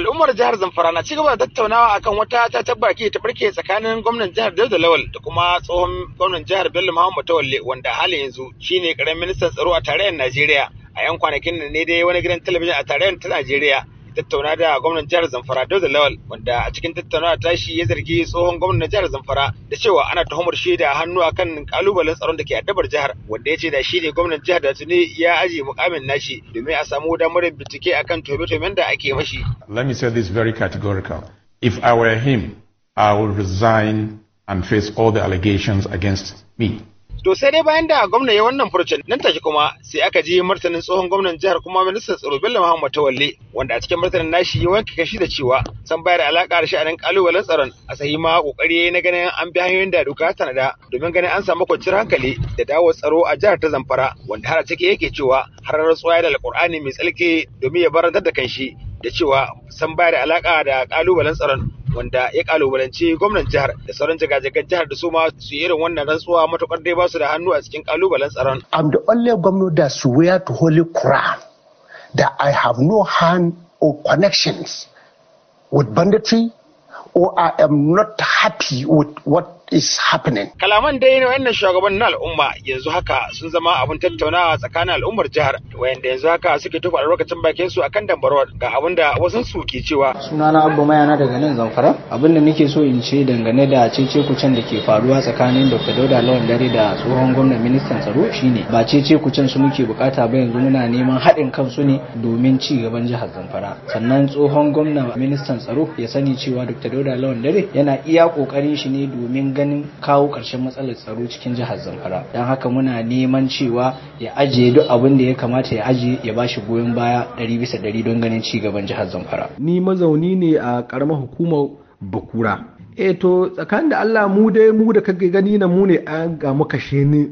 al'ummar jihar zamfara na cigaba da tattaunawa akan wata ta baki ta barke tsakanin gwamnan jihar Dauda Lawal da kuma tsohon gwamnan jihar Bello Muhammad Tawalle wanda hali yanzu shine karamin ministan tsaro a tarayyar Najeriya a yan kwanakin ne dai wani gidan talabijin a tarayyar ta Najeriya tattauna da gwamnan jihar Zamfara Dauda Lawal wanda a cikin tattaunawa ta shi ya zargi tsohon gwamnan jihar Zamfara da cewa ana tuhumar shi da hannu akan kalubalen tsaron da ke addabar jihar wanda ya ce da shi ne gwamnan jihar da tuni ya aje mukamin nashi domin a samu damar bincike akan tuhume-tuhumen da ake mashi. Let me say this very categorical. If I were him, I would resign and face all the allegations against me. To sai dai bayan da gwamna ya wannan furucin nan take kuma sai aka je martanin tsohon gwamnan jihar kuma ministan tsaro Bello Muhammad Tawalle wanda a cikin martanin nashi ya wanke kashi da cewa san bayar alaka da sha'anin kalubalen tsaron a sahi ma kokari na ganin an bi hanyoyin da doka nada, domin ganin an samu kwanciyar hankali da dawo tsaro a jihar ta Zamfara wanda har a ciki yake cewa har rantsuwa da alkur'ani mai tsalke domin ya barantar da kanshi da cewa san bayar alaka da kalubalen tsaron wanda ya gwamnan jihar da sauran jagajagan jihar da su ma su irin wannan rantsuwa matukar dai ba su da hannu a cikin kalubalen tsaron. I'm the only governor that swear to Holy Quran that I have no hand or connections with banditry or I am not happy with what is happening. Kalaman dai na wannan shugaban na al'umma yanzu haka sun zama abin tattaunawa tsakanin al'ummar jihar wayanda yanzu haka suke tufa lokacin bakin su akan dambarwar ga abin da wasu su ke cewa. na Abba Mayana daga nan Zamfara abin da nake so in ce dangane da cece kucen da ke faruwa tsakanin Dr. Dauda Lawan Dare da tsohon gwamnan ministan tsaro shine ba cece kucen su muke bukata ba yanzu muna neman haɗin kansu ne domin ci gaban jihar Zamfara sannan tsohon gwamnan ministan tsaro ya sani cewa Dr. Dauda Lawan Dare yana iya kokarin shi ne domin ganin kawo ƙarshen matsalar tsaro cikin jihar zamfara don haka muna neman cewa ya ajiye duk abin da ya kamata ya ajiye ya ba shi goyon baya ɗari bisa ɗari don ganin ci gaban jihar zamfara ni mazauni ne a ƙaramar hukumar bakura e to tsakanin da allah mu dai mu da kake gani na mu ne an ga muka ni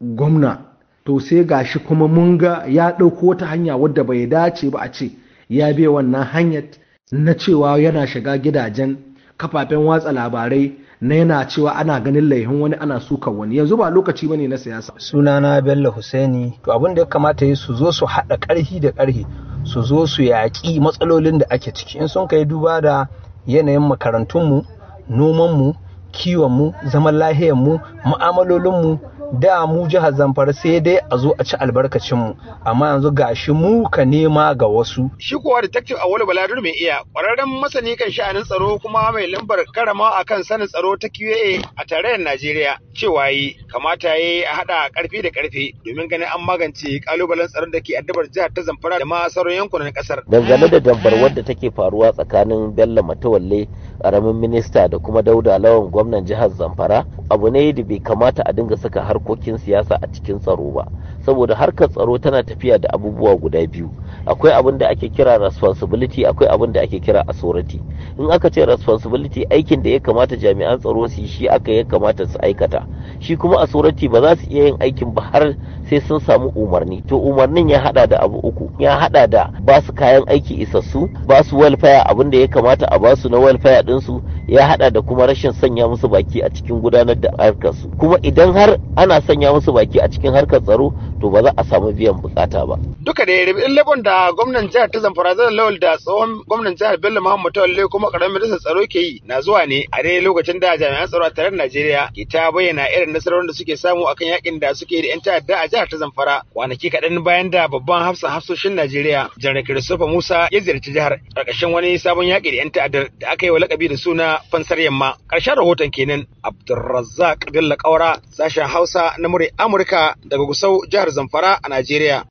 gwamna to sai gashi kuma mun ga ya ɗauko wata hanya wadda bai dace ba a ce ya bi wannan hanyar na cewa yana shiga gidajen kafafen watsa labarai na yana cewa ana ganin laihin wani ana suka wani yanzu ba lokaci bane na siyasa sunana bello husaini to abin da ya kamata yi su zo su haɗa ƙarfi da ƙarfi su zo su yaƙi matsalolin da ake ciki in sun kai duba da yanayin makarantunmu nomanmu kiwonmu zaman lahiyarmu mu'amalolinmu da mu jihar zamfara sai dai a zo a ci albarkacin mu amma yanzu gashi mu ka nema ga wasu shi kuwa detective awolu baladur mai iya kwararren masani kan sha'anin tsaro kuma mai lambar karama akan sanin tsaro ta QA a tarayyar Najeriya cewa yi kamata yi a haɗa karfe da karfe domin ganin an magance ƙalubalen tsaron da ke addabar jihar ta zamfara da ma sauran yankunan ƙasar. dangane da dambarwar wadda take faruwa tsakanin Bello Matawalle karamin minista da kuma dauda lawan gwamnan jihar zamfara abu ne da bai kamata a dinga saka harkokin siyasa a cikin tsaro ba saboda harkar tsaro tana tafiya da abubuwa guda biyu akwai abin da ake kira responsibility akwai abin da ake kira authority in aka ce responsibility aikin da ya kamata jami'an tsaro su shi aka ya kamata su aikata shi kuma authority ba za su iya yin aikin ba har sai sun samu umarni to umarnin ya hada da abu uku ya hada da ba su kayan aiki isassu ba su welfare abin da ya kamata a ba su na welfare din su ya hada da kuma rashin sanya musu baki a cikin gudanar da harkarsu kuma idan har ana sanya musu baki a cikin harkar tsaro to ba za a samu biyan bukata ba duka da rabin labon da gwamnan jihar ta zamfara zan lawal da tsohon gwamnan jihar bello muhammad tawalle kuma karamin ministan tsaro ke yi na zuwa ne a dai lokacin da jami'an tsaro a taron najeriya ke ta bayyana irin nasarorin da suke samu akan yakin da suke da yan ta'adda a jihar ta zamfara kwanaki kaɗan bayan da babban hafsan hafsoshin najeriya janar kirisofa musa ya ziyarci jihar ƙarƙashin wani sabon yaƙi da yan ta'addar da aka yi wa lakabi da suna fansar yamma ƙarshen rahoton kenan abdulrazzaq bello Kaura, sashen hausa na murya amurka daga gusau jihar zamfara a najeriya